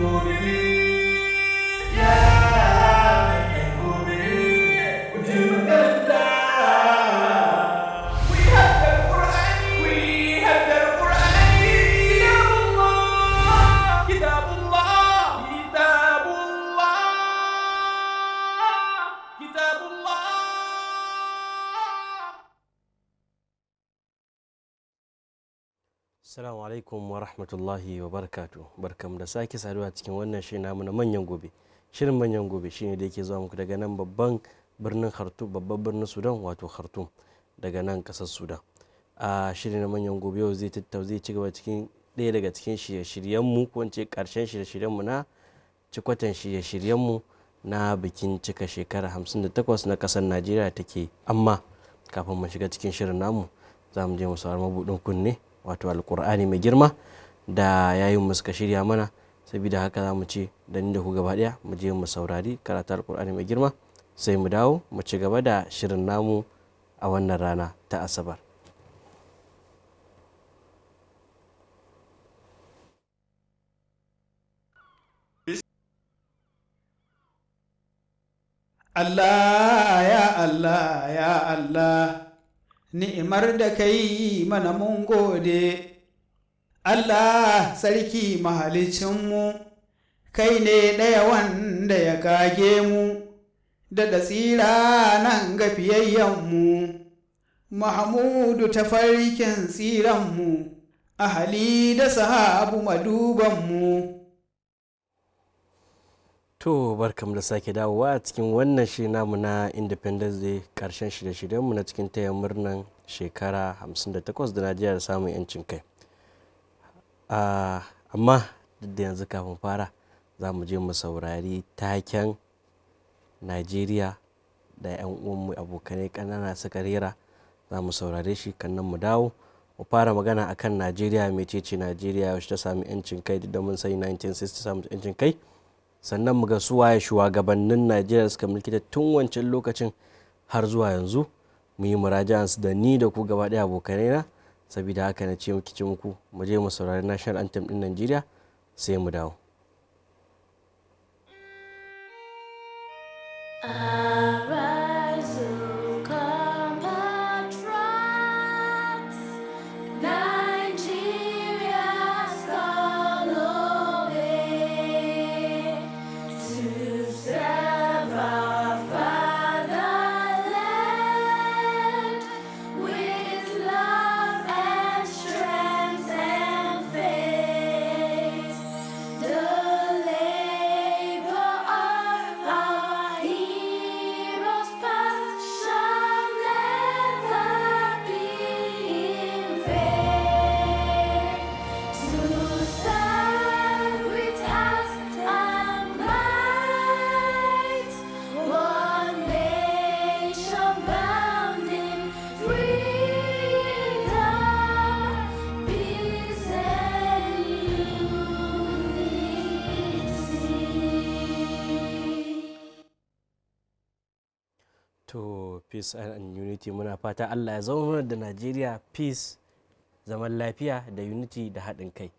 Yeah. Assalamu alaikum wa rahmatullahi wa barakatu barkam da sake saduwa cikin wannan shirin namu na manyan gobe shirin manyan gobe shine da yake zuwa muku daga nan babban birnin Khartoum babban birnin Sudan wato Khartoum daga nan kasar Sudan a shirin na manyan gobe yau zai tattau zai ci gaba cikin ɗaya daga cikin shirye-shiryen mu ko in karshen shirye-shiryen mu na cikwatan shirye-shiryen mu na bikin cika shekara 58 na kasar Najeriya take amma kafin mu shiga cikin shirin namu za mu je mu sauri mabudin kunne wato alkur'ani mai girma da yayin mu suka shirya mana saboda haka za mu ce da ni da ku gaba daya mu je mu saurari karatu alkur'ani mai girma sai mu dawo mu ci gaba da shirin namu a wannan rana ta asabar Allah ya Allah ya Allah ni'imar da ka yi mana mun gode. Allah sarki mahalicinmu, kai ne ɗaya wanda ya kage mu, da tsira nan ga fiyayyenmu, Mahamudu ta farkin tsiranmu, ahali da sahabu madubanmu. To barkamu da sake dawowa a cikin wannan shi namu na Independence Day karshen shirye-shiryenmu na cikin taya murnan shekara 58 da Najeriya da samun 'yancin kai. Ah, amma duk da yanzu kafin fara za mu je mu saurari taken Najeriya da 'yan uwanmu abokanai ƙanana suka rera za mu saurare shi kannan mu dawo. mu fara magana akan Najeriya mecece Najeriya yaushe ta samun 'yancin kai duk da mun sai 1960 samun 'yancin kai. sannan mu ga suwaye shugabannin najeriya suka mulki tun wancan lokacin har zuwa yanzu mu yi murajansu da ni da ku gaba ɗaya abokanai na saboda haka na ce muke muku mu je mu saurari national anthem din najeriya sai mu dawo peace and unity muna fata allah ya zama mana da najeriya peace zaman lafiya da unity da haɗin kai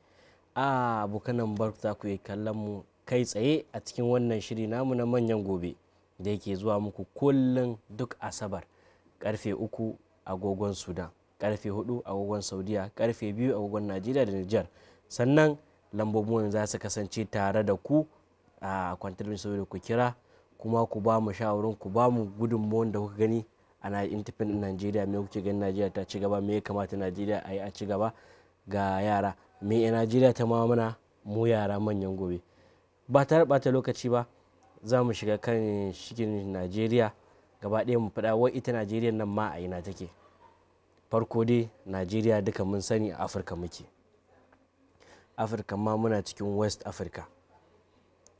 a bukanan bar za ku yi kallon mu kai tsaye a cikin wannan shiri namu na manyan gobe da yake zuwa muku kullum duk asabar karfe uku agogon sudan karfe hudu agogon saudiya karfe biyu agogon najeriya da nijar sannan lambobin za su kasance tare da ku a kwantar da ku kira kuma ku ba mu shawarin ku ba mu da kuka gani a intifin najeriya me kuke ganin najeriya ta ci gaba me ya kamata najeriya a yi a ci gaba ga yara me ya najeriya ta mamuna mu yara manyan gobe ba ta bata lokaci ba za mu shiga kan shigin najeriya gaba ɗaya mu faɗa wai ita najeriya nan ma a ina take farko dai najeriya duka mun sani a afirka muke afirka ma muna cikin west africa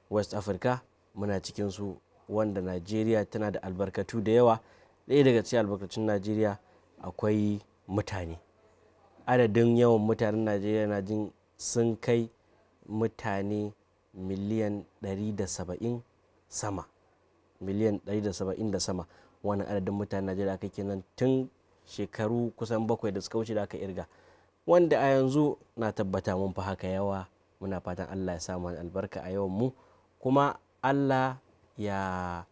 west africa muna cikin su wanda najeriya tana da albarkatu da yawa ɗaya daga cikin albarkatun najeriya akwai mutane adadin yawan mutanen najeriya na jin sun kai mutane miliyan 170 sama miliyan 170 da sama wannan adadin mutanen najeriya aka kenan tun shekaru kusan bakwai da suka wuce da aka irga wanda a yanzu na tabbata mun fi haka yawa muna fatan allah ya samu albarka a yawan mu kuma allah ya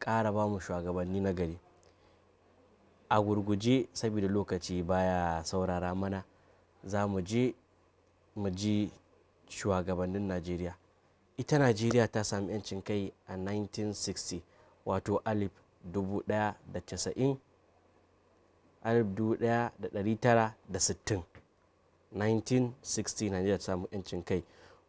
ƙara ba mu shugabanni na gari. A gurguje saboda lokaci baya saurara mana za mu je mu ji shugabannin Najeriya. Ita Najeriya ta sami 'yancin kai a 1960 wato alif dubu 1960 Najeriya ta samu 'yancin kai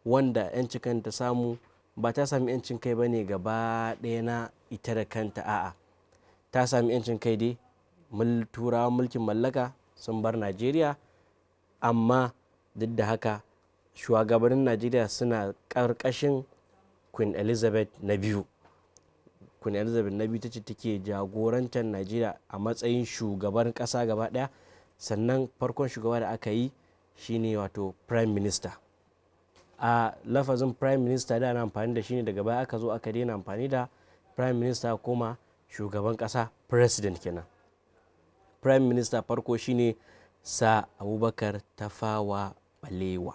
wanda 'yancin kan ta samu ba ta sami yancin kai ba ne gaba ɗaya na ita da kanta a'a ta sami yancin kai dai turawan mulkin mallaka sun bar najeriya amma duk da haka shugabannin najeriya suna ƙarƙashin queen elizabeth na biyu queen elizabeth na biyu ta ce take jagorantar najeriya a matsayin shugaban ƙasa gaba ɗaya sannan farkon shugaba da aka yi shine wato prime minister a lafazin prime minister da ana amfani da shi ne daga baya aka zo aka daina amfani da prime minister koma shugaban kasa president kenan prime minister farko shine sa abubakar tafawa balewa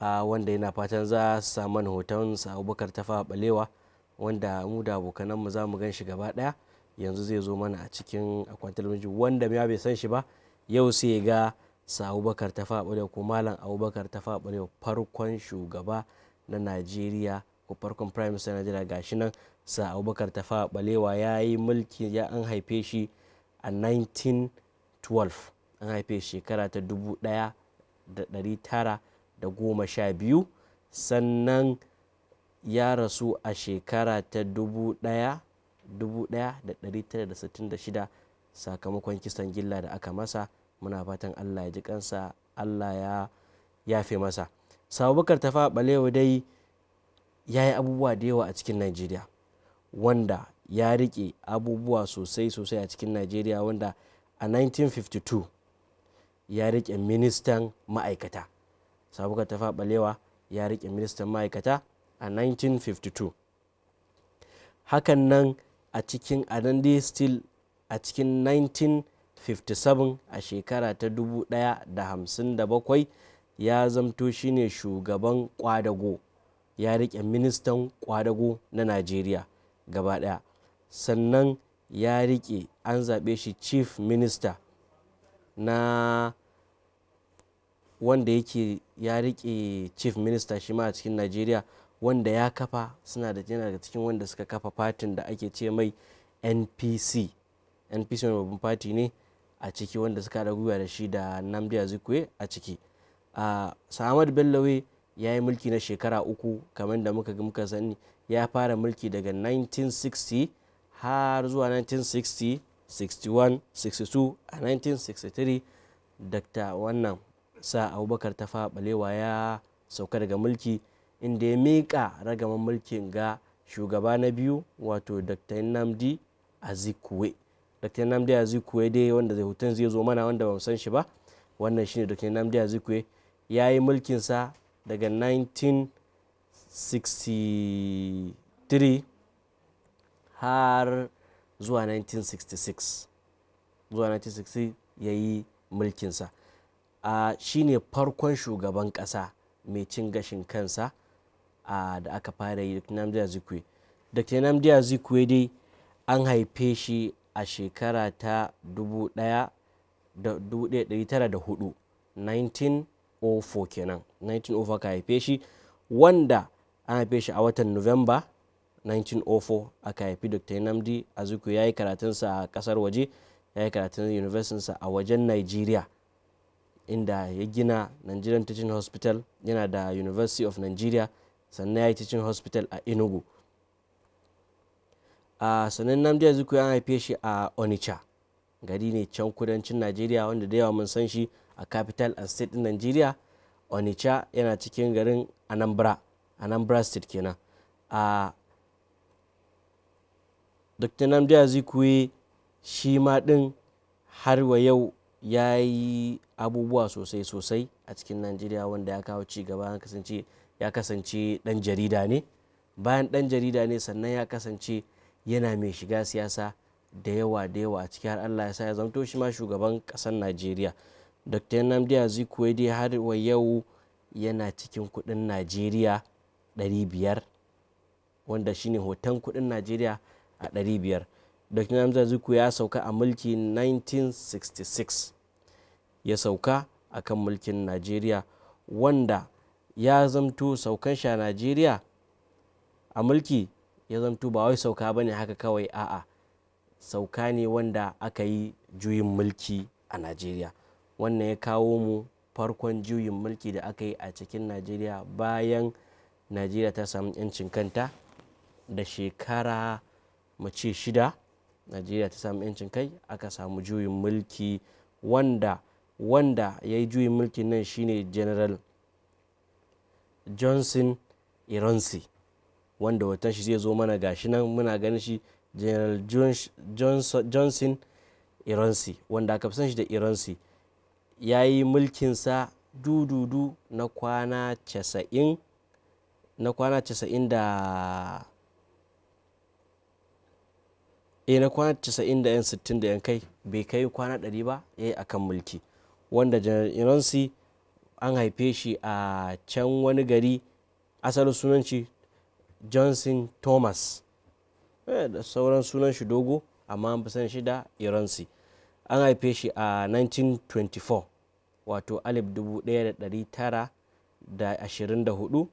a wanda yana fatan za su samu hoton sa abubakar tafawa balewa wanda mu da abokananmu za mu gan shi gaba daya yanzu zai zo mana a cikin akwatin wanda ya bai san shi ba yau sai ga su abubakar tafaɓalewa ko malam abubakar tafaɓalewa farkon shugaba na najeriya ko farkon prime minister najeriya gashi nan sa abubakar tafaɓalewa ya yi mulki ya an haife shi a 1912 an haife shekara ta 1912 sannan ya rasu a shekara ta 1966 sakamakon kisan gilla da aka masa muna fatan allah ya ji kansa allah ya yafe masa sabubakar tafa balewa dai ya yi abubuwa da yawa a cikin najeriya wanda ya rike abubuwa sosai sosai a cikin najeriya wanda a 1952 ya rike ministan ma'aikata sabubakar tafa balewa ya rike ministan ma'aikata a 1952 hakan nan a cikin a still a cikin 19 57 a shekara ta 1957 ya zamto shine shugaban kwadago ya rike ministan kwadago na najeriya gaba daya sannan ya rike an zaɓe shi chief minister na wanda yake ya rike chief minister shi ma a cikin najeriya wanda ya kafa suna da yana daga cikin wanda suka kafa fatin da ake ce mai npc npc wani babban fati ne a ciki wanda suka haɗa gwiwa da shi da namdi azikwe a ciki a samad bellowe ya yi mulki na shekara uku kamar da muka muka sani ya fara mulki daga 1960 har zuwa 1960 61 62 a 1963 dr wannan sa abubakar tafa balewa ya sauka daga mulki inda ya miƙa ragaman mulkin ga shugaba na biyu wato dr namdi azikwe dr namdi azikwe dai wanda zai hutun zai zo mana wanda ba san shi ba wannan shine dr namdi azikwe ya yi mulkinsa daga 1963 har zuwa 1966 zuwa 1960 ya yi mulkinsa a shine farkon shugaban kasa mai cin gashin kansa da aka fara yi dr namdi azikwe dr namdi azikwe dai an haife shi a shekara ta 1904 1904 kenan 1904 ka haife shi wanda an haife shi a watan november 1904 aka haifi dr namdi azuku ya yi karatunsa a kasar waje ya yi karatun universitinsa a wajen nigeria inda ya gina nigerian teaching hospital yana da university of nigeria sannan ya yi teaching hospital a enugu a sannan namdi azikiwe ya haife shi a onitsha gari ne can kudancin najeriya wanda da yawa mun san shi a capital and state din najeriya onitsha yana cikin garin anambra anambra state kenan a dr namdi azikwe shi ma din har wa yau ya yi abubuwa sosai-sosai a cikin najeriya wanda ya kawo ci gaba ya kasance dan jarida ne bayan dan jarida ne sannan ya kasance yana mai shiga siyasa da yawa da yawa a ciki har allah ya sa ya zamto shi ma shugaban kasar najeriya dr nnamdi azikiwe dai har wa yau yana cikin kudin najeriya 500 wanda shine hoton kudin najeriya a 500 dr nnamdi azikiwe ya sauka a mulki 1966 ya sauka a kan mulkin najeriya wanda ya zamto saukan sha najeriya a mulki ya zamto ba wai sauka bane haka kawai a'a sauka ne wanda aka yi juyin mulki a najeriya wannan ya kawo mu farkon juyin mulki da aka yi a cikin najeriya bayan najeriya ta samu 'yancin kanta da shekara mace shida najeriya ta samu 'yancin kai aka samu juyin mulki wanda wanda ya yi juyin mulkin nan shine general johnson ironsi wanda watan shi zai zo mana gashi nan muna ganin shi general johnson iransi wanda aka fi san shi da iransi ya yi mulkinsa dududu na kwana casa'in na kwana casa'in da e na kwana casa'in da yan sittin da yan kai bai kai kwana ɗari ba ya eh, yi akan mulki wanda general iransi an haife shi a can wani gari asalin sunanci. johnson thomas eh, da sauran sunan shi dogo amma an a san shi da iransi an haife shi a 1924 wato 1924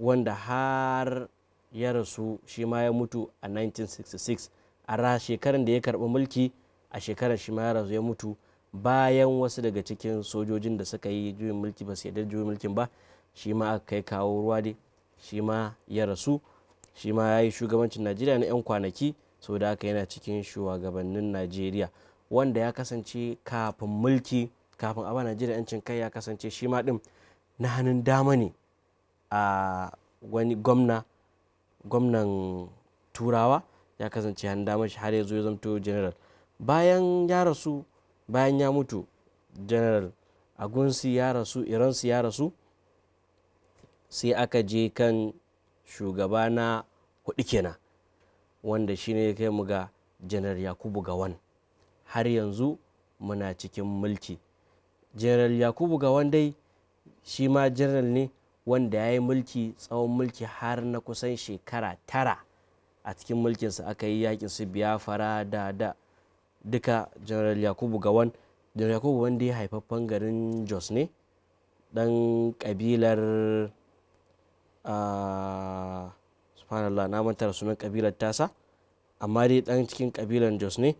wanda har ya rasu shi ma ya mutu a 1966 a ra shekaran da ya karbi mulki a shekarar shi ma ya rasu ya mutu bayan wasu daga cikin sojojin da suka yi juyin mulki ba su yarda juyin mulkin ba shi ma aka kai kawo ruwa dai shi ma ya rasu shi ma ya yi shugabancin najeriya na 'yan kwanaki da aka yana cikin shugabannin najeriya wanda ya kasance kafin mulki kafin a najeriya 'yancin kai ya kasance shi ma din na hannun dama ne a wani gwamna gwamnan turawa ya kasance hannun dama shi har ya zo ya zamto general bayan ya rasu bayan ya mutu general agunsi ya rasu iransu ya rasu sai aka je kan shugaba na hudu kenan wanda shine ya kai mu ga janar yakubu gawan har yanzu muna cikin mulki janar yakubu gawan dai shi ma janar ne wanda ya yi mulki tsawon mulki har na kusan shekara tara a cikin mulkinsa aka yi yakin su biyafara da da duka janar yakubu gawan janar yakubu wanda ya haifaffen garin jos ne dan kabilar Ah, subhanallah na manta da sunan kabilar tasa amma dai dan cikin kabilar jos ne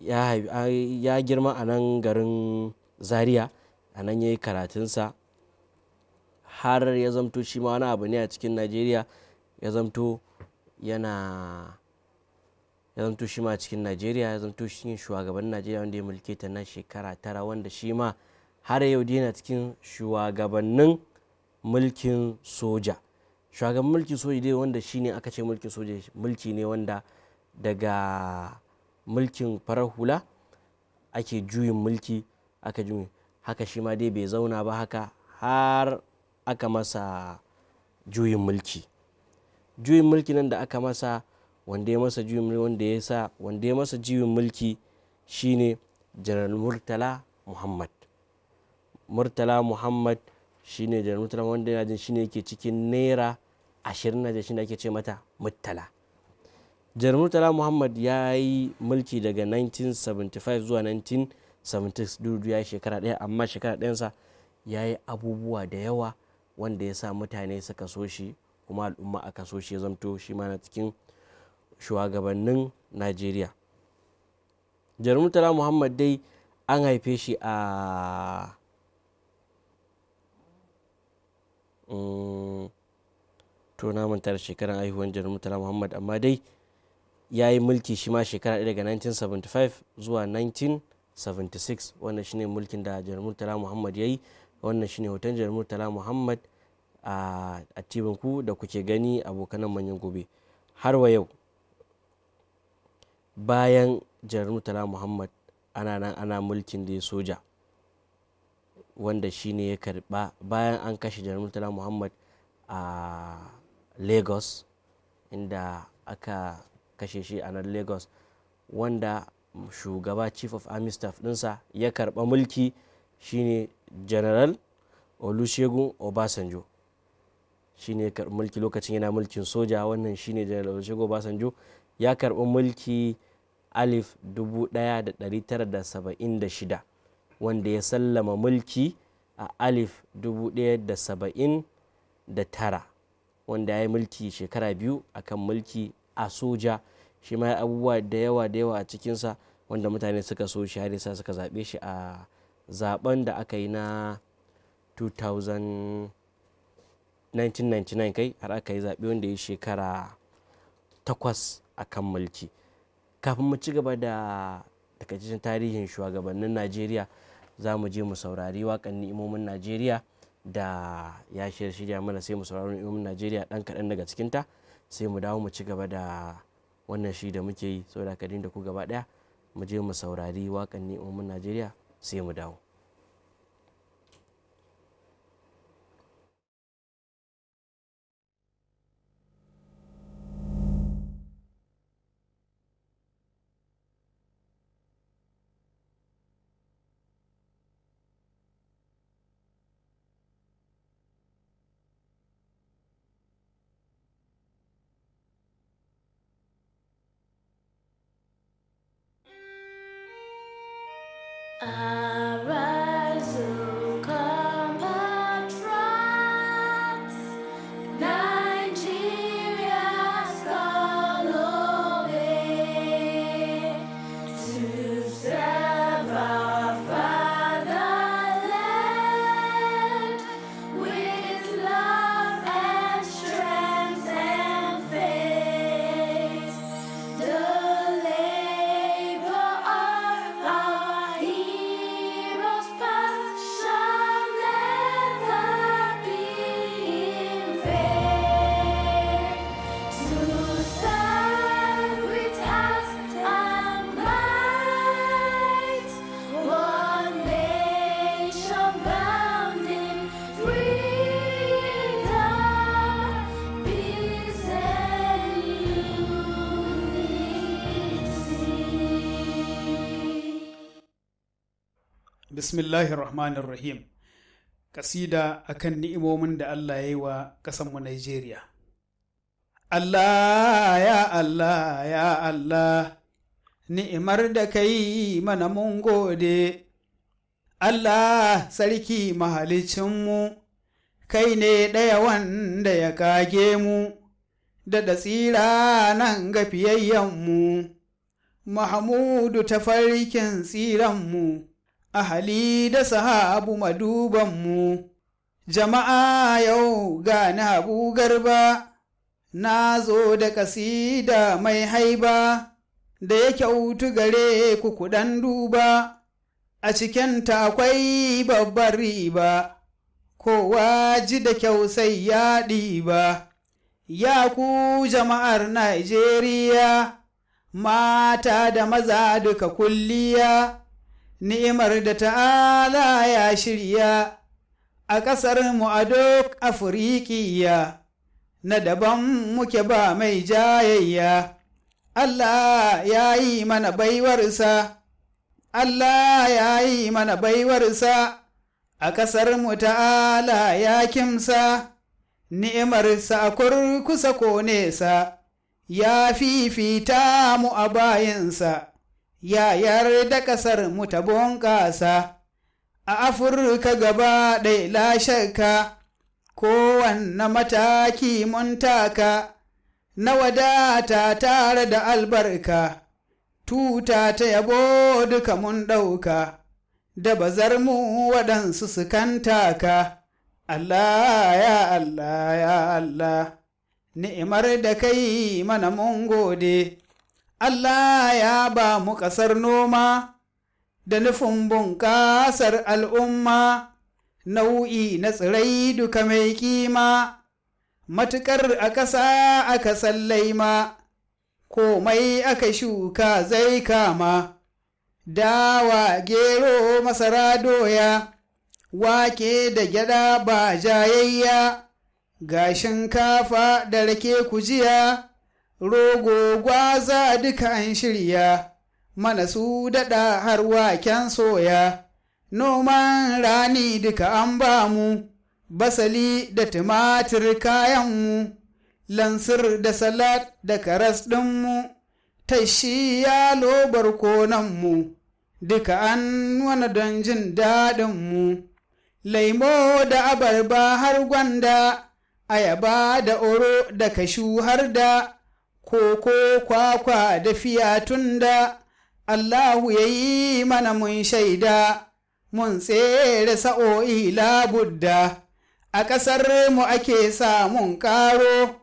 ya girma a nan garin zaria a nan ya yi karatunsa har ya zamto shi ma wani abu ne a cikin najeriya ya zamto yana ya zamto shi ma cikin najeriya ya zamto shi shugaban najeriya wanda ya mulke ta na shekara tara wanda shi ma har yau yana cikin shugabannin mulkin soja shugaban mulki soji dai wanda shine aka ce mulkin soji mulki ne wanda daga mulkin farar hula ake juyin mulki aka juyi haka shi ma dai bai zauna ba haka har aka masa juyin mulki juyin mulki nan da aka masa wanda ya masa juyin mulki wanda ya sa wanda ya masa juyin mulki shine janar murtala muhammad murtala muhammad shine janar murtala wanda ya jin shine ke cikin naira ashirin na shi ake ce mata muttala jarmurtala muhammad ya yi mulki daga 1975 zuwa 1976 dudu ya yi shekara ɗaya amma shekara ɗayansa ya yi abubuwa da yawa wanda ya sa mutane suka so shi kuma al'umma aka so shi ya zamto shi ma na cikin shugabannin najeriya jarumtala muhammad dai an haife shi a uh, to na manta da shekarar haihuwar janar mutala muhammad amma dai ya yi mulki shi ma shekara ɗaya daga 1975 zuwa 1976 wannan shine mulkin da janar mutala muhammad ya yi wannan shine hoton janar mutala muhammad a ku da kuke gani nan manyan gobe har wa yau bayan janar mutala muhammad ana nan ana mulkin da ya soja wanda shine ya karba bayan an kashe janar mutala muhammad a lagos inda aka kashe shi a nan lagos wanda shugaba chief of army staff ɗinsa ya karɓa mulki shine general olusegun obasanjo shine ya karɓi mulki lokacin yana mulkin soja wannan shine general olusegun obasanjo ya karɓi mulki alif 1976 wanda ya sallama mulki a alif 1979 wanda ya yi mulki shekara biyu akan mulki a soja shi ma abubuwa da yawa da yawa a cikinsa wanda mutane suka so shi har yasa suka zaɓe shi a zaben da aka yi na 1999 kai har aka yi zaɓe wanda ya yi shekara takwas a kan mulki kafin mu ci gaba da takaitaccen tarihin shugabannin najeriya za mu je mu saurari waƙan ni'imomin najeriya da ya shirya mana sai mu sauraron ilimin najeriya dan kaɗan daga cikinta sai mu dawo mu ci gaba da wannan shi da muke yi saboda kadin da ku gaba ɗaya mu je mu saurari waƙan ni najeriya sai mu dawo bismillahir rahmanir rahim kasida akan ni'imomin da Allah ya yi wa ƙasanmu Najeriya. Allah ya Allah ya Allah ni'imar da ka yi mana mun gode Allah sarki mahalicinmu kai ne ɗaya wanda ya kage mu da da tsira nan ga fiyayyenmu Mahamudu tafarkin tsiranmu ahali da sahabu mu. jama'a yau ga na habu garba na zo da kasida mai haiba da ya kyautu gare ku kuɗan duba a cikinta akwai babbar riba kowa ji da kyau sai ya ɗiba ya ku jama'ar Najeriya mata da maza duka kulliya ni'imar da ta'ala ya shirya a ƙasar mu a duk afirikiya na daban muke ba mai jayayya Allah ya yi mana baiwarsa Allah ya yi mana baiwarsa a ƙasar mu ta'ala ya kimsa ni'imarsa a kurkusa ko nesa ya fifita mu a bayansa ya yarda kasar mu ta bunƙasa a afirka gaba ɗai lashaka kowanne mataki mun taka na wadata tare da albarka tuta ta yabo duka mun ɗauka da bazar mu waɗansu su kan taka Allah ya Allah ya Allah ni'imar da kai mana mun gode Allah ya ba mu ƙasar noma da nufin bunƙasar al'umma nau'i na tsirai duka mai kima, matuƙar a ƙasa aka ko komai aka shuka zai kama, dawa gero masara doya, wake da gyada ba jayayya, ga shinkafa da rake kujiya. rogo gwaza duka an shirya mana su daɗa har waken soya noman rani duka an ba mu basali da tumatir kayanmu lansir da salat da karas ɗinmu tashi yalo mu duka an wani don jin daɗinmu laimo da abarba har gwanda ayaba da oro da kashu har da koko kwakwa da fiya tunda Allahu ya yi mana mun shaida mun tsere sa'o'i labudda a ƙasar mu ake samun ƙaro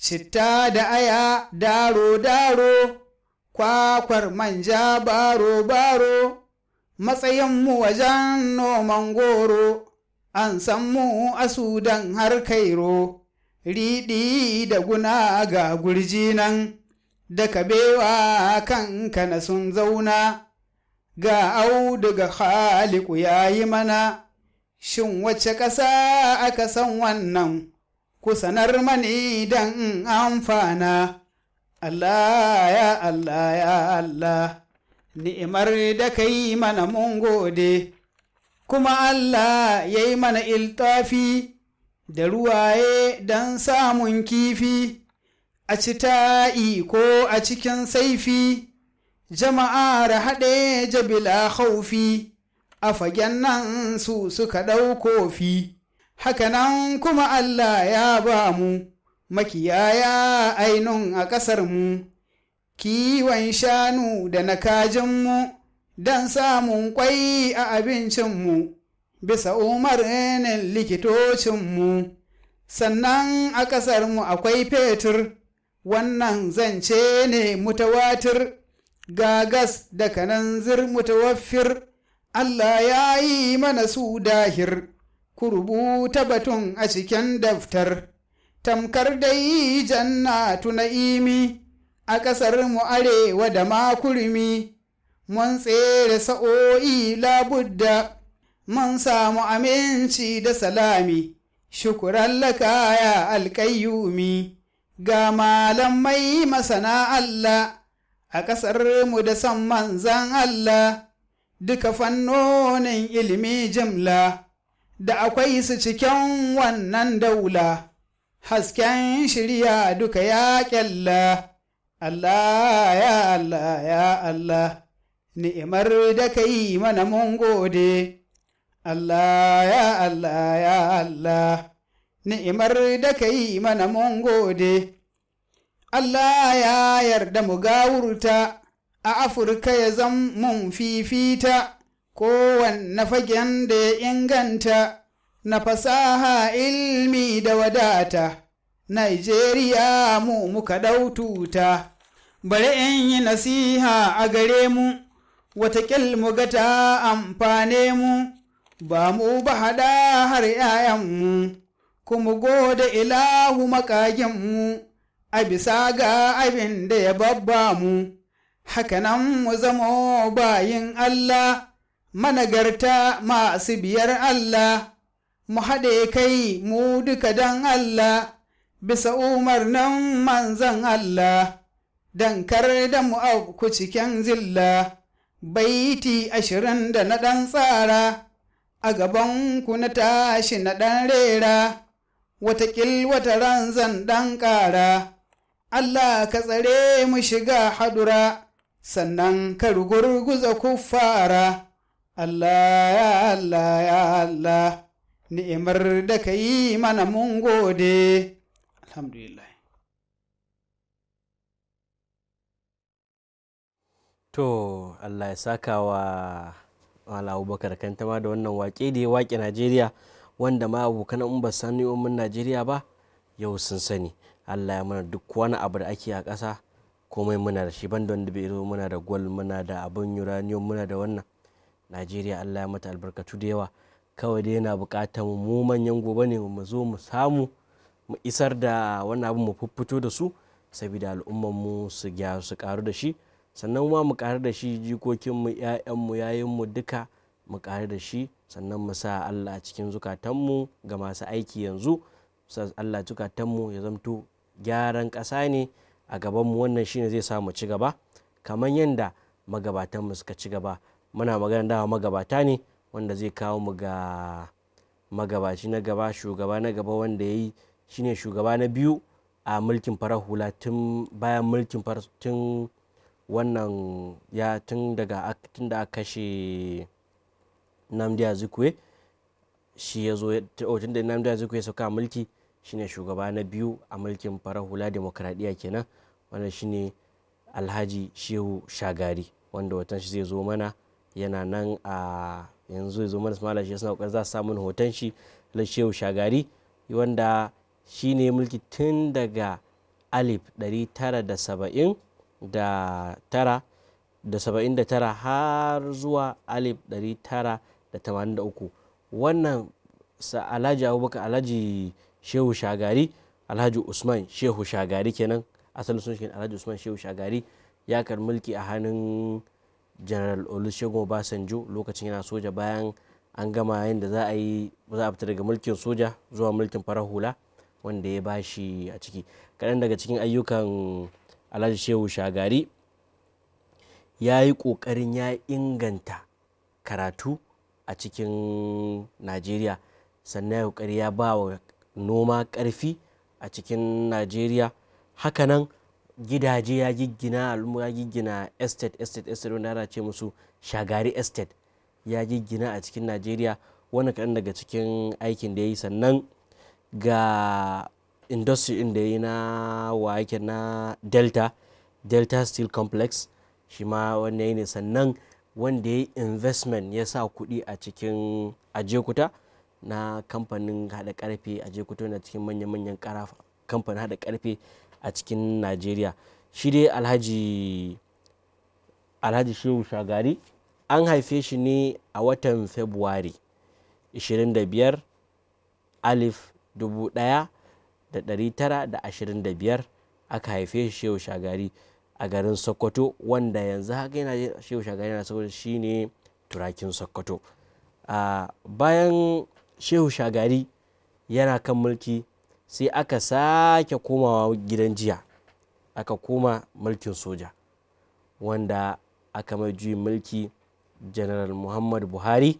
citta da aya daro-daro kwakwar manja baro-baro matsayinmu wajen noman goro an san mu a sudan har kairo. riɗi da guna ga gurji nan da kabewa kanka na sun zauna ga auduga haliku ya yi mana shin wace ƙasa aka san wannan ku sanar mani don amfana Allah ya Allah ya Allah ni'imar da ka yi mana mun gode kuma Allah ya yi mana iltafi da ruwaye don samun kifi, a cita'i ko a cikin saifi, jama'a da haɗe jabila haufi, a fagen nan su suka ɗau kofi, hakanan kuma Allah ya ba mu, makiyaya ainun a ƙasar mu, kiwon shanu da na kajinmu, don samun kwai a abincinmu. bisa umarnin likitocinmu sannan a ƙasarmu akwai fetur wannan zance ne mutawatir gagas gas da kananzir mutawaffir Allah ya yi mana su dahir ku rubuta batun a cikin daftar tamkar dai jannatu na'imi a ƙasarmu arewa da makurmi mun tsere sa'o'i labudda mun samu aminci da salami, shukuran laka alƙayyumi, ga malamai masana Allah a ƙasarmu da san manzan Allah, duka fannonin ilimi jimla, da akwai su cikin wannan daula, hasken shirya duka ya ƙyalla, Allah ya Allah ya Allah, ni'imar da ka yi mana mun gode. Allah ya Allah ya Allah ni'imar da ka yi mana mun gode Allah ya yarda mu gawurta a Afirka ya zan mun fifita kowanne fagen da ya inganta na fasaha ilmi da wadata Nigeria mu muka ɗaututa bari in yi nasiha a gare mu watakil mu ga ta amfane mu ba mu ba hada har ‘ya'yanmu, kuma gode ilahu makaginmu, a bisa ga abin da ya babba mu, hakanan mu zamo bayin Allah, managarta masu biyar Allah, mu haɗe kai mu duka don Allah, bisa umarnin manzan Allah, don kar da mu auku cikin zilla, baiti ashirin da na ɗan tsara. a gabanku na tashi na ɗan rera watakil wata ran zan ɗan ƙara Allah ka tsare mu shiga hadura sannan ka rugurguza fara. Allah ya Allah ya Allah ni'imar da ka yi mana mun gode alhamdulillah to Allah ya saka wa wala Abubakar Kantama da wannan wake da ya wake Najeriya wanda ma abokan in ba san mun Najeriya ba yau sun sani Allah ya mana duk wani abu da ake a kasa komai muna da shi banda wanda bai zo muna da gwal muna da abin uranium muna da wannan Najeriya Allah ya mata albarkatu da yawa kawai dai yana buƙatar mu manyan gobe ne mu zo mu samu mu isar da wannan abu mu fito da su saboda al'ummar mu su gyaru su karu da shi sannan ma mu ƙari da shi jikokinmu ‘ya'yanmu mu duka mu ƙari da shi sannan mu sa Allah a cikin zukatanmu ga masu aiki yanzu sa Allah zukatanmu ya zamto gyaran ƙasa ne a gabanmu wannan shine zai sa mu ci gaba kamar yadda magabatanmu suka ci gaba muna magana dawa magabata ne wanda zai kawo mu ga magabaci na gaba shugaba na gaba wanda ya yi shine shugaba na biyu a mulkin farar hula tun bayan mulkin tun wannan ya tun daga tun da aka kashe namdi Azikwe shi ya zo tun da namdi Azikwe suka mulki shine shugaba na biyu a mulkin farar hula demokradiyya kenan shi shine alhaji shehu shagari wanda watan shi zai zo mana yana nan a yanzu zai zo mana sumala shi suna kokarin za su samu hoton shi shehu shagari wanda shine mulki tun daga alif 970 da tara da saba'in da tara har zuwa alif dari tara da tamanin da uku wannan sa alhaji abubakar alhaji shehu shagari alhaji usman shehu shagari kenan asalin sun shi alhaji usman shehu shagari ya kar mulki a hannun general olusegun obasanjo lokacin yana soja bayan an gama yanda za a yi za a fita daga mulkin soja zuwa mulkin farar hula wanda ya bashi a ciki kaɗan daga cikin ayyukan alhaji shehu shagari ya yi ƙoƙarin ya inganta karatu a cikin najeriya sannan ya ƙoƙari ya ba wa noma ƙarfi a cikin najeriya hakanan gidaje ya giggina al'umma ya giggina estate estate estate wanda ana ce musu shagari estate ya giggina a cikin najeriya wani kaɗan daga cikin aikin da ya yi sannan ga industry ɗin da yi na wa yake na delta delta steel complex shi ma wanda ya ne sannan wanda ya yi investment ya sa kuɗi a cikin ajekuta na kamfanin haɗa karfe ajekuta na cikin manya-manyan kamfanin haɗa karfe a cikin nigeria shi dai alhaji alhaji shehu shagari an haife shi ne a watan february 25 alif 1900 1925 aka haife shi shehu shagari a garin sokoto wanda yanzu haka yana shehu shagari na sokoto shi ne turakin sokoto bayan shehu shagari yana kan mulki sai aka sake komawa gidan jiya aka koma mulkin soja wanda aka mai juyin mulki general muhammad buhari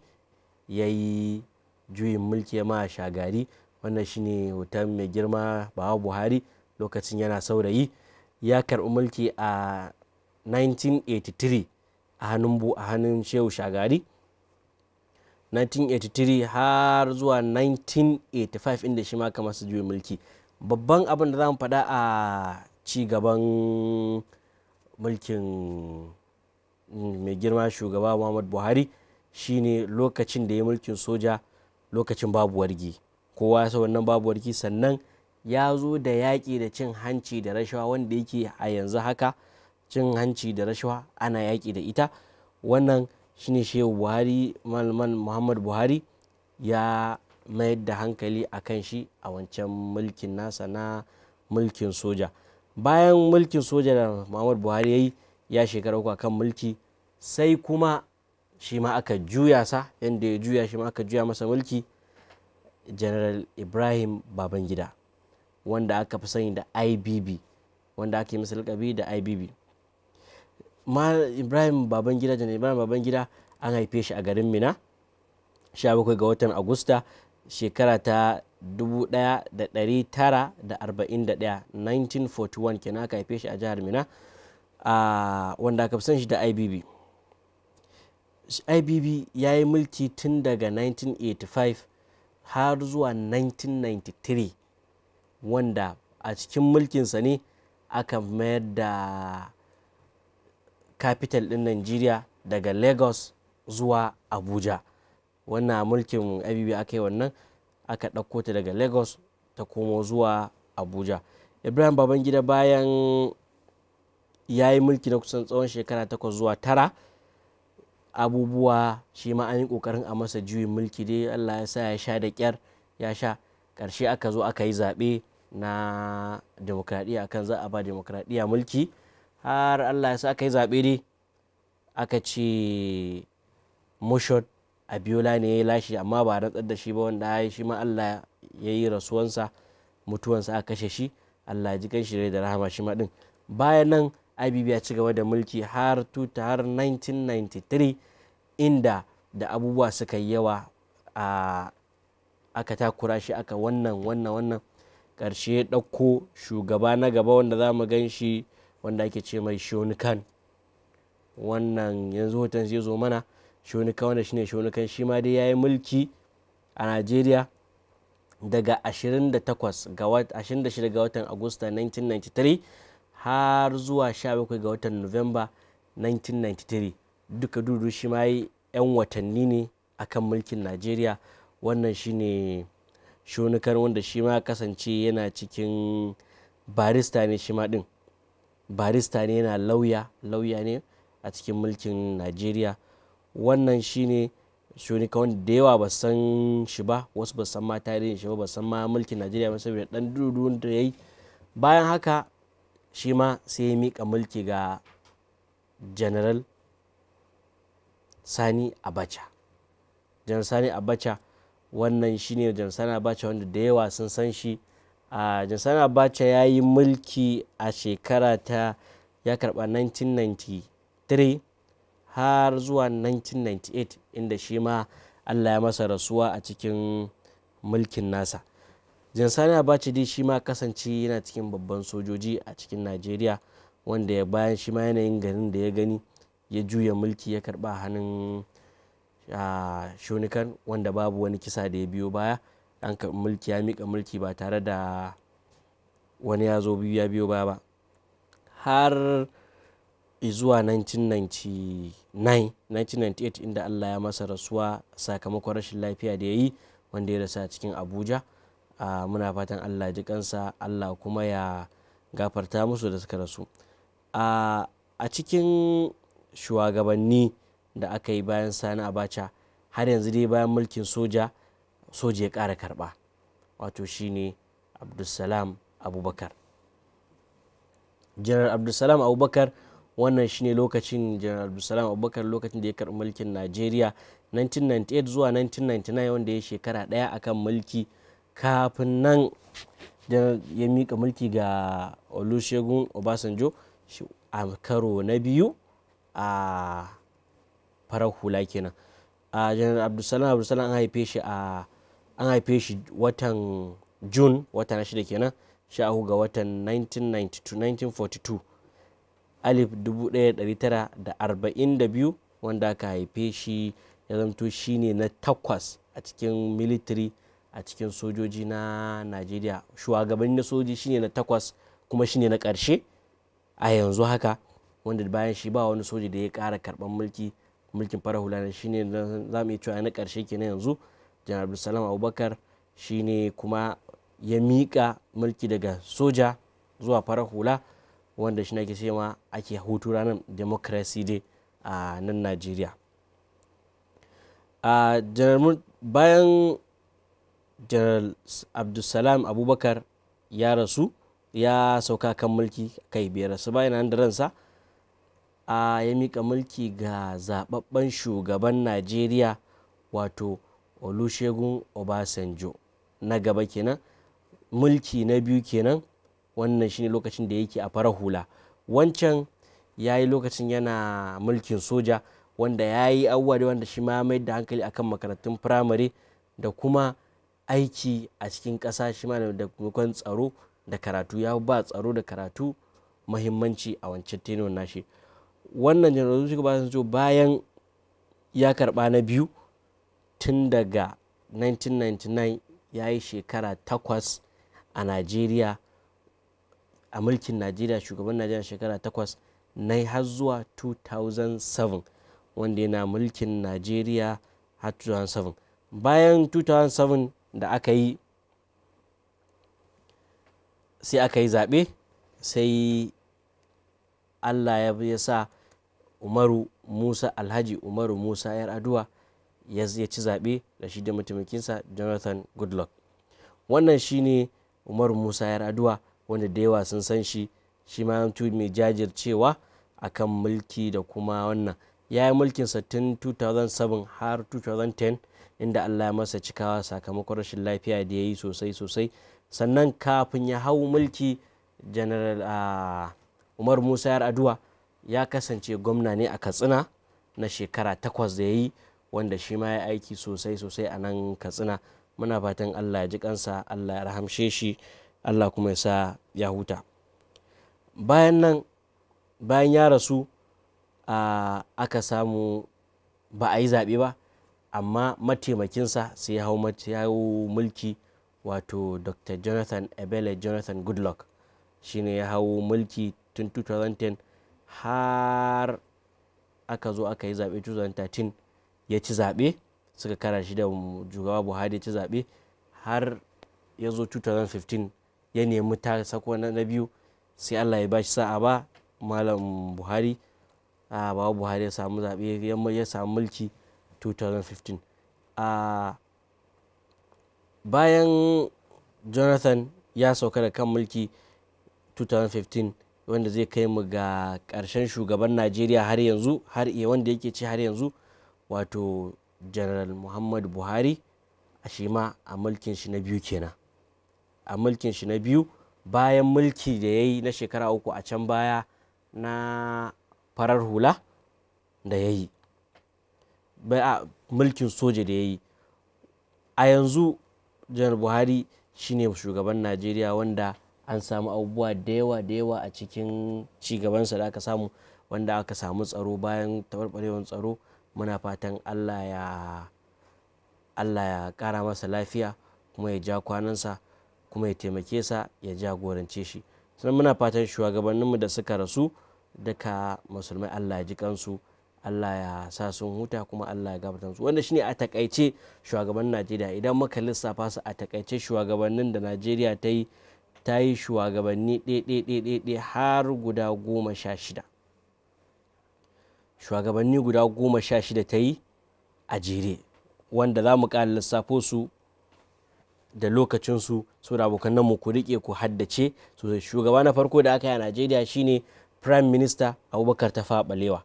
ya yi juyin mulki ya ma shagari wannan shine hoton mai girma bawa buhari lokacin yana saurayi ya karɓi mulki a 1983 a hannun bu a hannun shehu shagari 1983 har zuwa 1985 inda shi ma kama su juyin mulki babban abin da za mu faɗa a ci gaban mulkin mm, mai girma shugaba muhammad buhari shine lokacin da ya mulkin soja lokacin babu wargi kowa ya wannan babu warki sannan ya zo da yaƙi da cin hanci da rashawa wanda yake a yanzu haka cin hanci da rashawa ana yaƙi da ita wannan shine shehu buhari malaman muhammad buhari ya mayar da hankali a kan shi a wancan mulkin nasa na mulkin soja bayan mulkin soja da muhammad buhari ya yi ya shekara uku kan mulki sai kuma shi ma aka juya sa yadda ya juya shi ma aka juya masa mulki general ibrahim babangida wanda aka fi sani da ibb wanda aka yi masa lakabi da ibb ma ibrahim babangida general ibrahim babangida an haife shi a garin mina 17 ga watan agusta shekara ta 1941 kenan aka haife shi a jihar mina wanda aka fi san shi da ibb ibb ya yi mulki tun daga 1985 har zuwa 1993 wanda a cikin mulkinsa ne aka mayar da capital ɗin Nigeria daga Lagos zuwa Abuja wannan mulkin abibi aka yi wannan aka ɗauko ta daga Lagos ta komo zuwa Abuja Ibrahim Babangida bayan ya yi mulki na kusan tsawon shekara takwas zuwa tara abubuwa shi ma an yi kokarin a masa juyin mulki dai allah ya sa ya sha da kyar ya sha karshe aka zo aka yi zaɓe na demokradiyya akan za a ba demokradiyya mulki har allah ya sa aka yi zaɓe dai aka ce mushot abiola ne ya lashe amma ba rantsar da shi ba wanda ya shi ma allah ya yi rasuwansa mutuwansa a kashe shi allah ya ji kan shi da rahama shi ma din bayan nan IBB ya ci gaba da mulki har 1993 inda da abubuwa suka yi yawa a aka takura shi aka wannan wannan wannan ƙarshe ɗauko shugaba na gaba wanda za mu gan shi wanda ake ce mai shonikan wannan yanzu hoton zai zo mana shonikan wanda shine shonikan shi ma dai ya yi mulki a najeriya daga 28 ga watan agusta 1993 har zuwa 17 ga watan novemba 1993 duka dudu shi ma yi 'yan watanni ne akan mulkin najeriya wannan shine shunukar wanda shi ma kasance yana cikin barista ne shi ma din barista ne yana lauya lauya ne a cikin mulkin najeriya wannan shine shonika wanda da yawa ba san shi ba wasu ba san ma tarihin shi ba ba san ma mulkin najeriya ba saboda dan dudu da ya yi bayan haka shi ma sai ya miƙa mulki ga general sani abacha jan sani abacha wannan shine jan sani abacha wanda da yawa sun san shi a jan sani abacha ya yi mulki a shekara ta ya karba 1993 har zuwa 1998 inda shi ma allah ya masa rasuwa a cikin mulkin nasa jinsani dai shi ma kasance yana cikin babban sojoji a cikin najeriya wanda ya bayan shi ma yanayin garin da ya gani ya juya mulki ya karba hannun ah, shonikan wanda babu wani kisa da ya biyo baya an karbi mulki ya mika mulki ba tare da wani ya zo biyu ya biyo baya ba har zuwa 1999 1998 inda allah ya masa rasuwa sakamakon rashin lafiya da ya yi wanda ya rasa cikin abuja Ah, muna fatan allah ji kansa allah kuma ya gafarta musu da suka rasu ah, a cikin shugabanni da aka yi bayan sani abacha har yanzu dai bayan mulkin soja soja ya ƙara karɓa wato shine abdulsalam abubakar janar abdulsalam abubakar wannan shine lokacin janar abdulsalam abubakar lokacin da ya karɓi mulkin najeriya 1998 zuwa 1999 wanda ya shekara ɗaya akan mulki kafin nan da ya mika mulki ga olusegun obasanjo a karo na biyu a farar hula kenan a janar abdulsalam abdulsalam an haife shi a an haife shi watan june wata shida kenan sha'ahu ga watan da 1942 alif 1942 wanda aka haife shi ya zanto shine na takwas a cikin military a cikin sojoji na najeriya shugabanni na sojoji shine na takwas kuma shine na ƙarshe a yanzu haka wanda bayan shi ba wani soja da ya kara karɓar mulki mulkin farar hula shine za mu cewa na ƙarshe kenan yanzu janar abdulsalam abubakar shine kuma ya miƙa mulki daga soja zuwa farar hula wanda shi ake ce ma ake hutu ranar democracy day a nan najeriya bayan general abdulsalam abubakar ya rasu ya sauka kan mulki kai bai rasu nan da ransa a ya mika mulki ga zababben shugaban najeriya wato olusegun obasanjo na gaba kenan mulki na biyu kenan wannan shine lokacin da yake a fara hula wancan ya yi lokacin yana mulkin soja wanda ya yi da wanda shi ma mai da hankali akan makarantun firamare da kuma aiki a cikin ƙasa shi ma da maimakon tsaro da karatu ya ba tsaro da karatu mahimmanci a wancan tenuwar nashi wannan janar shugaba sun bayan ya karba na biyu tun daga 1999 ya yi shekara takwas a najeriya a mulkin najeriya shugaban najeriya shekara takwas na har zuwa 2007 wanda yana mulkin najeriya har 2007 bayan 2007 da aka yi sai aka yi zaɓe sai allah ya sa umaru musa alhaji umaru musa yar aduwa ya ci zaɓe da shi da mataimakinsa jonathan goodluck wannan shine umaru musa yar aduwa wanda da yawa sun san shi shi ma mai jajircewa a kan mulki da kuma wannan ya yi mulkinsa tun 2007 har 2010 inda allah ya masa cikawa sakamakon rashin lafiya da ya yi sosai sosai sannan kafin ya hau mulki general ah, umar musa yar aduwa ya kasance gwamna ne a katsina na shekara takwas da ya yi wanda shi ma ya aiki sosai sosai a nan katsina muna fatan allah ya ji kansa allah ya rahamshe shi allah kuma ya sa ya huta bayan nan bayan ya rasu ah, aka samu ba a yi zaɓe ba amma mataimakinsa sai ya hau mulki wato dr jonathan ebele jonathan goodluck shine ya hau mulki tun 2010 har aka zo aka yi zaɓe 2013 ya ci zaɓe suka kara shi da shugaba buhari ya ci zaɓe har ya zo 2015 ya nemi ta sako na biyu sai allah ya bashi sa'a ba malam buhari a bawa buhari ya samu zaɓe ya samu mulki 2015 a bayan jonathan ya sauka da kan mulki 2015 wanda zai kai mu ga karshen shugaban najeriya har yanzu har iya wanda yake ci har yanzu wato general muhammadu buhari a shi ma a mulkin shi na biyu kenan a mulkin shi na biyu bayan mulki da ya yi na shekara uku a can baya na farar hula da ya yi mulkin soja da ya yi a yanzu janar buhari shine shugaban najeriya wanda an samu abubuwa da yawa da yawa a cikin cigabansa da aka samu wanda aka samu tsaro bayan tabarbarewar tsaro muna fatan allah ya kara masa lafiya kuma ya ja kwanansa kuma ya taimake sa ya jagorance shi sannan muna fatan shugabanninmu da suka rasu duka musulmai allah ya ji kansu Allah ya sa sun huta kuma Allah ya gabatar su wanda shine a takaice shugaban Najeriya idan muka lissafa su a takaice shugabannin da Najeriya ta yi ta yi shugabanni ɗaiɗaiɗaiɗaiɗai har guda goma sha shida shugabanni guda goma sha shida ta yi a jere wanda za mu ƙara lissafo su da lokacinsu su da abokan mu ku riƙe ku haddace sosai shugaba na farko da aka yi a najeriya shine prime minister abubakar tafa balewa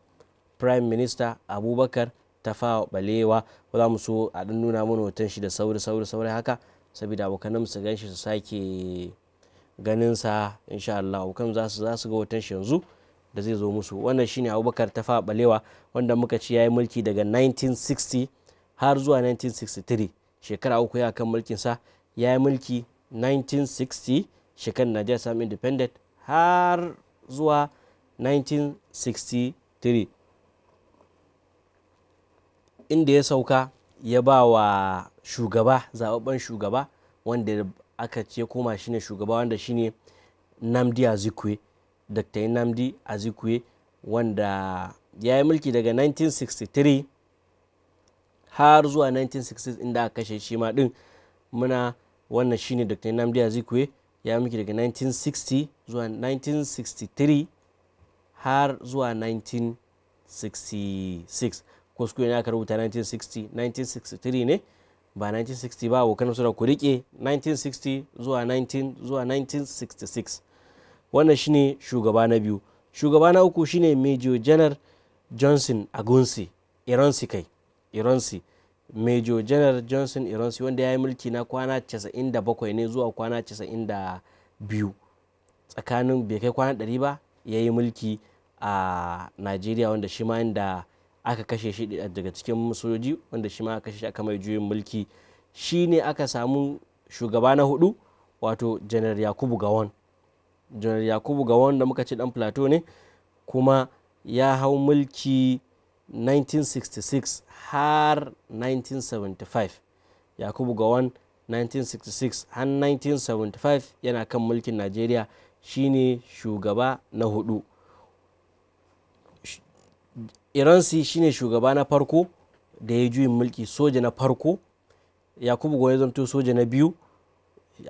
prime minister abubakar tafawa balewa ko za mu so a dan nuna mana hoton shi da sauri sauri sauri haka saboda abokan su gan shi su sake ganin sa insha Allah abokan za su za su ga hoton shi yanzu da zai zo musu wannan shine abubakar tafawa balewa wanda muka ci yayi mulki daga 1960 har zuwa 1963 shekara uku ya kan mulkin sa yayi mulki 1960 shekarar Najeriya samun independent har zuwa 1963 inda ya sauka ya ba wa shugaba zababben shugaba wanda aka ce koma shine shugaba wanda shine namdi azikwe dr namdi azikwe wanda ya yi mulki daga 1963 har zuwa 1960 inda aka kashe shi ma din muna wannan shine dr namdi azikwe ya yi mulki daga 1960 zuwa 1963 har zuwa 1966 kuskure ne aka rubuta 1960 1963 ne ba 1960 ba abokan suna ku rike 1960 zuwa 19 zuwa 1966 wannan shine shugaba na biyu shugaba na uku shine major general johnson agunsi iransi kai iransi major general johnson iransi wanda ya yi mulki na kwana 97 ne zuwa kwana 92 tsakanin bai kai kwana 100 ba ya yi mulki a nigeria wanda shi ma inda aka kashe shi daga cikin sojoji wanda shi ma aka kashe shi aka mai juyin mulki shi ne aka samu shugaba na hudu wato janar yakubu gawon janar yakubu gawon da muka ce dan plateau ne kuma ya hau mulki 1966 har 1975 yakubu gawon 1966 har 1975 yana kan mulkin najeriya shine shugaba na hudu iransi shine shugaba na farko da ya juyin mulki soja na farko yakubu gwani zamto soja na biyu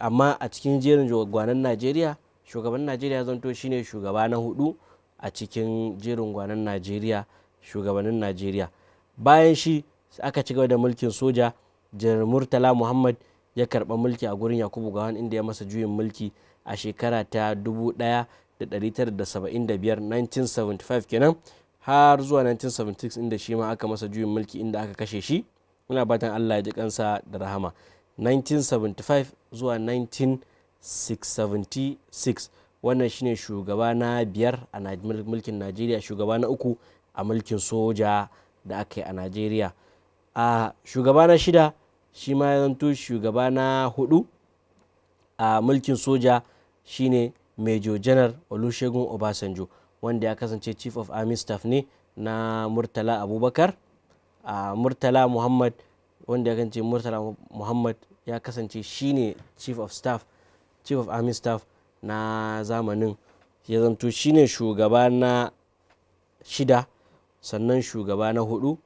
amma a cikin jerin gwanan najeriya shugaban najeriya zanto shine shugaba na hudu a cikin jerin gwanan najeriya shugabannin najeriya bayan shi aka ci gaba da mulkin soja janar murtala muhammad ya karba mulki a gurin yakubu gawan inda ya masa juyin mulki a shekara ta 1975 kenan har zuwa 1976 inda shi ma aka masa juyin mulki inda aka kashe shi muna batan allah ya ji kansa da rahama 1975 zuwa 1976 wannan shine shugaba na biyar a mulkin najeriya shugaba na uku a mulkin soja da aka yi a najeriya a shugaba na shida shi ma yanzu shugaba na hudu a mulkin soja shine major janar olusegun obasanjo wanda ya kasance chief of army staff ne na murtala abubakar a murtala muhammad wanda ya kasance murtala muhammad ya kasance shine chief of staff chief of army staff na zamanin ya shi shine shugaba na shida sannan shugaba na hudu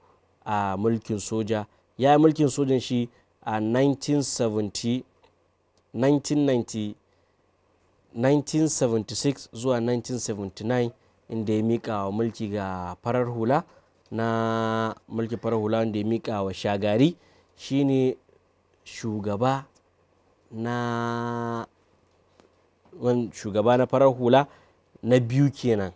a mulkin soja ya yi mulkin sojan shi a 1970 1990 1976 zuwa 1979 inda ya mika wa mulki ga farar hula na mulki farar hula wanda ya mika wa shagari shine shugaba na shugaba na farar hula na biyu kenan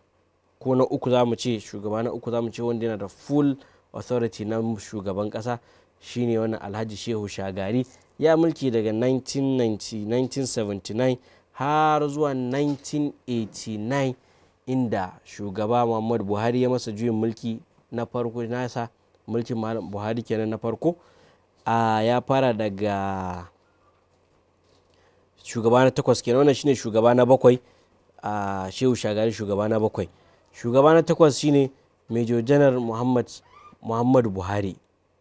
ko na uku za mu ce shugaba na uku za mu ce wanda yana da full authority na shugaban kasa shine wani alhaji shehu shagari ya mulki daga 1979 har zuwa 1989 inda shugaba muhammadu buhari ya masa juyin mulki na farko nasa mulkin malam buhari kenan na farko a ya fara daga shugaba na takwas kenan wannan shine shugaba na bakwai a shehu shagari shugaba na bakwai shugaba na takwas shine major janar muhammad muhammadu buhari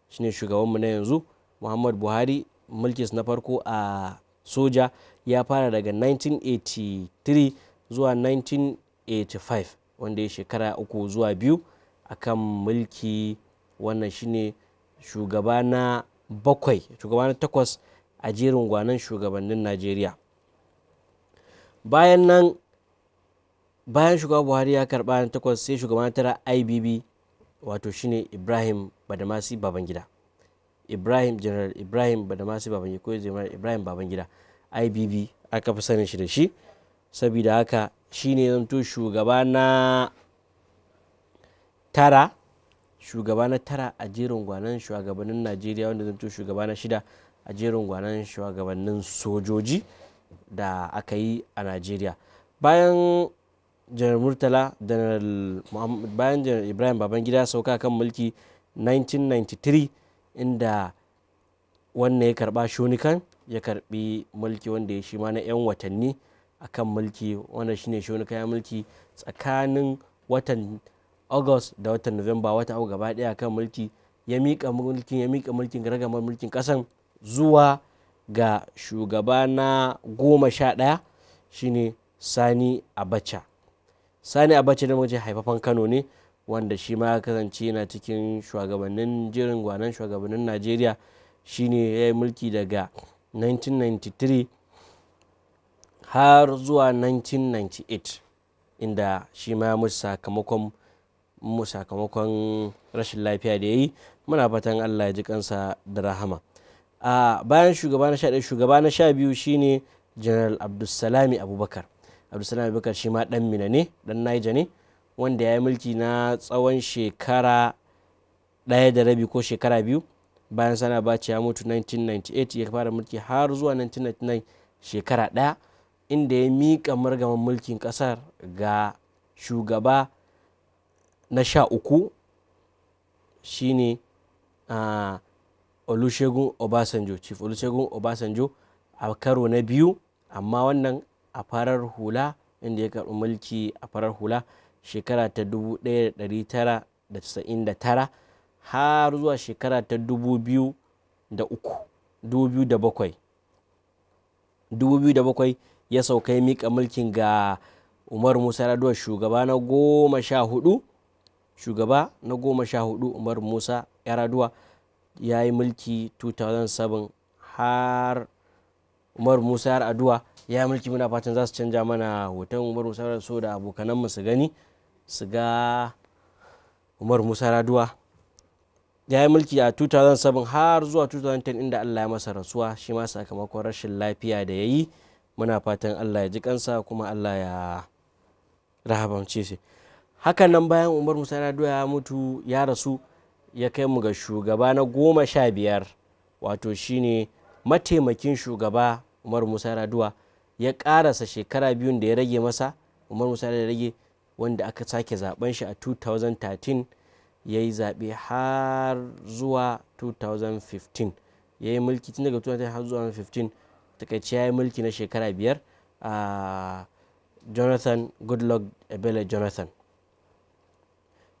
shine shugabanmu na yanzu muhammadu buhari mulkis na farko a soja ya fara daga 1983 zuwa 19 1985 wanda ya shekara uku zuwa biyu akan mulki wannan shine shugaba na bakwai shugaba na takwas a jerin gwanan shugabannin najeriya bayan nan bayan shugaba buhari ya karba na takwas sai shugaba na tara ibb wato shine ibrahim badamasi babangida ibrahim general ibrahim badamasi babangida ko ibrahim babangida ibb aka fi sanin shi da shi saboda haka shine zamto shugaba na tara shugaba na tara a jerin gwanan shugabannin najeriya wanda zamto shugaba na shida a jerin gwanan shugabannin sojoji da aka yi a najeriya bayan janar murtala bayan janar ibrahim babangida sauka kan mulki 1993 inda wannan ya karba shunikan ya karbi mulki wanda ya shi ma na 'yan watanni akan mulki shi shine shi kayan mulki tsakanin watan august da watan november wata abu gaba daya kan mulki ya mika mulkin ya mika mulkin ragamar mulkin kasan zuwa ga shugaba na goma sha ɗaya shine sani abacha sani abacha da mace haifafan kano ne wanda shi ma ya kasance yana cikin shugabannin jirin gwanan shugabannin najeriya shine ya yi mulki daga 1993 har zuwa 1998 inda shi ma sakamakon mu sakamakon rashin lafiya da ya yi muna fatan allah ya ji kansa da rahama a bayan shugaba na sha shugaba na sha biyu shine general abdulsalami abubakar abdulsalami abubakar shi ma dan mina ne dan naija ne wanda ya yi mulki na tsawon shekara daya da rabi ko shekara biyu bayan sana bace ya mutu 1998 ya fara mulki har zuwa 1999 shekara daya inda ya miƙa margaman mulkin ƙasar ga shugaba na sha uku shi ne olusegun obasanjo chief olusegun obasanjo a karo na biyu amma wannan a farar hula inda ya karɓi mulki a farar hula shekara ta 1999 har zuwa shekara ta 2003 2007 ya sauka ya miƙa mulkin ga umar musa raduwa shugaba na goma sha hudu shugaba na goma sha hudu umar musa ya raduwa ya yi mulki 2007 har umar musa ya raduwa ya yi mulki muna fatan za su canja mana hoton umar musa raduwa so da abokananmu su gani su ga umar musa raduwa ya yi mulki a 2007 har zuwa 2010 inda allah ya masa rasuwa shi ma sakamakon rashin lafiya da ya yi muna fatan allah ya ji kansa kuma allah ya rahabance shi hakan nan bayan umar musa doya ya mutu ya rasu ya kai mu ga shugaba na goma sha biyar wato shine mataimakin shugaba umar musa raduwa ya karasa shekara biyun da ya rage masa umar musa da rage wanda aka sake zaben shi a 2013 ya yi zaɓe har zuwa 2015 ya yi mulki tun daga 2015 takaici ya yi mulki na shekara biyar a jonathan goodluck ebele jonathan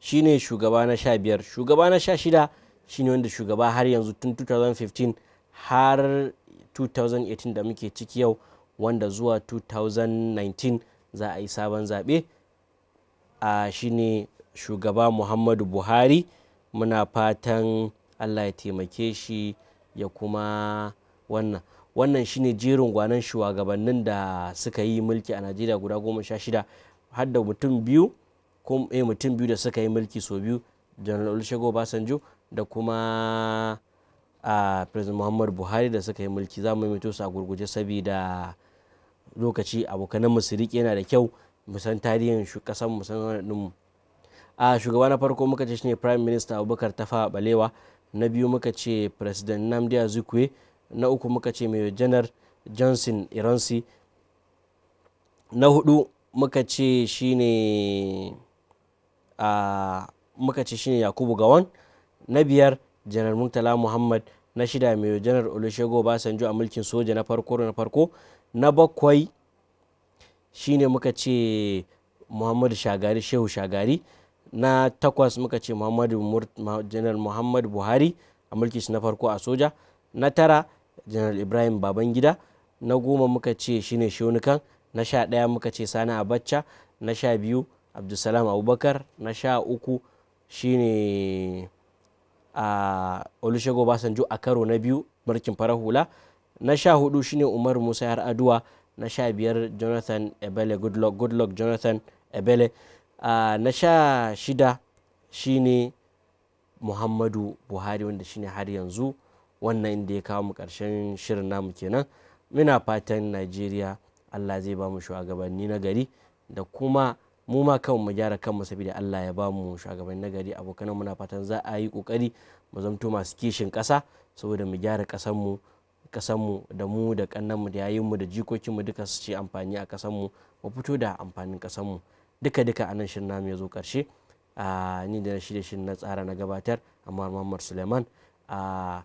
shine shugaba na sha biyar shugaba na sha shida shine wanda shugaba har yanzu tun 2015 har 2018 da muke ciki yau wanda zuwa 2019 za a yi sabon zaɓe a shine shugaba muhammadu buhari muna fatan allah ya taimake shi ya kuma wannan wannan shine jerin gwanan shugabannin da suka yi mulki a najeriya guda goma sha shida har da mutum biyu eh, mutum biyu da suka yi mulki sau biyu janar olusegun obasanjo da kuma a president muhammadu buhari da suka yi mulki za mu mito su a gurguje saboda lokaci abokanan mu su yana da kyau musan tarihin kasan musan mu a shugaba na farko muka ce shine prime minister abubakar tafa balewa na biyu muka ce president namdi azikwe na uku muka ce mai janar johnson Ironsi, na hudu muka ce shine a muka ce shine yakubu gawan na biyar janar murtala muhammad na shida mai janar olushego basanjo a mulkin soja na farko na farko na bakwai shine muka ce muhammadu shagari shehu shagari na takwas muka ce janar muhammadu buhari a mulkin na farko a soja na tara general ibrahim babangida na goma muka ce shine shonukan na sha ɗaya muka ce sani abacha na sha biyu abdulsalam abubakar na sha uku shine a olushego basanjo a karo na biyu barkin farar hula na sha hudu shine umar musa har aduwa na sha biyar jonathan ebele goodluck goodluck jonathan ebele na sha shida shine muhammadu buhari wanda shine har yanzu wannan inda ya kawo mu karshen shirin namu kenan muna fatan najeriya allah zai ba mu shugabanni na gari da kuma mu ma kan mu gyara kanmu saboda allah ya ba mu shugabanni na gari abokanan muna fatan za a yi kokari mu zamto masu kishin kasa saboda mu gyara kasanmu kasanmu da mu da kannanmu da mu da jikokinmu duka su ce amfani a kasanmu mu fito da amfanin kasanmu duka duka a nan shirin namu ya zo karshe ah, ni da na shirya shirin na tsara na gabatar amma muhammad suleiman a ah,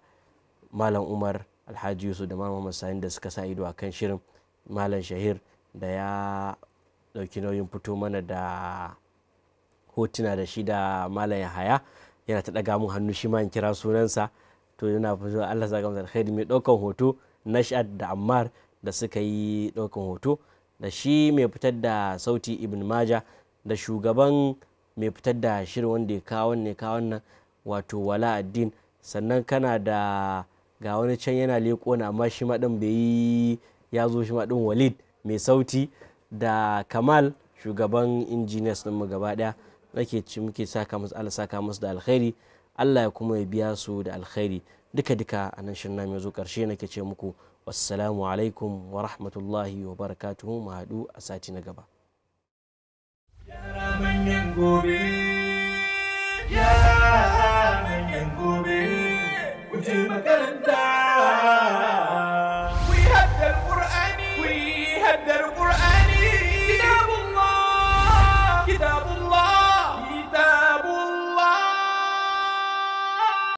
malam umar alhaji yusuf da malam muhammad sani da suka sa ido a kan shirin malam shahir da ya dauki nauyin fito mana da hotuna da shi da malam yahaya yana ta ɗaga mun hannu shi ma in kira sunansa to yana fito allah sa gamsa alkhairi mai ɗaukan hoto nashad da ammar da suka yi ɗaukan hoto da shi mai fitar da sauti ibn maja da shugaban mai fitar da shirin wanda ya kawo ne wato wala addin sannan kana da ga wani can yana leko na amma shi maɗin bai yi ya zo shi maɗin walid mai sauti da kamal shugaban ɗin mu gaba ɗaya nake ci muke saka musu Allah saka musu da alkhairi Allah ya kuma ya biya su da alkhairi duka duka a nan shirin ya zo karshe nake ce muku wassalamu alaikum wa rahmatullahi wa barakatuhu mu haɗu a sati na gaba yara manyan gobe وجيبك انت ويهدى القرآن ويهدى القرآن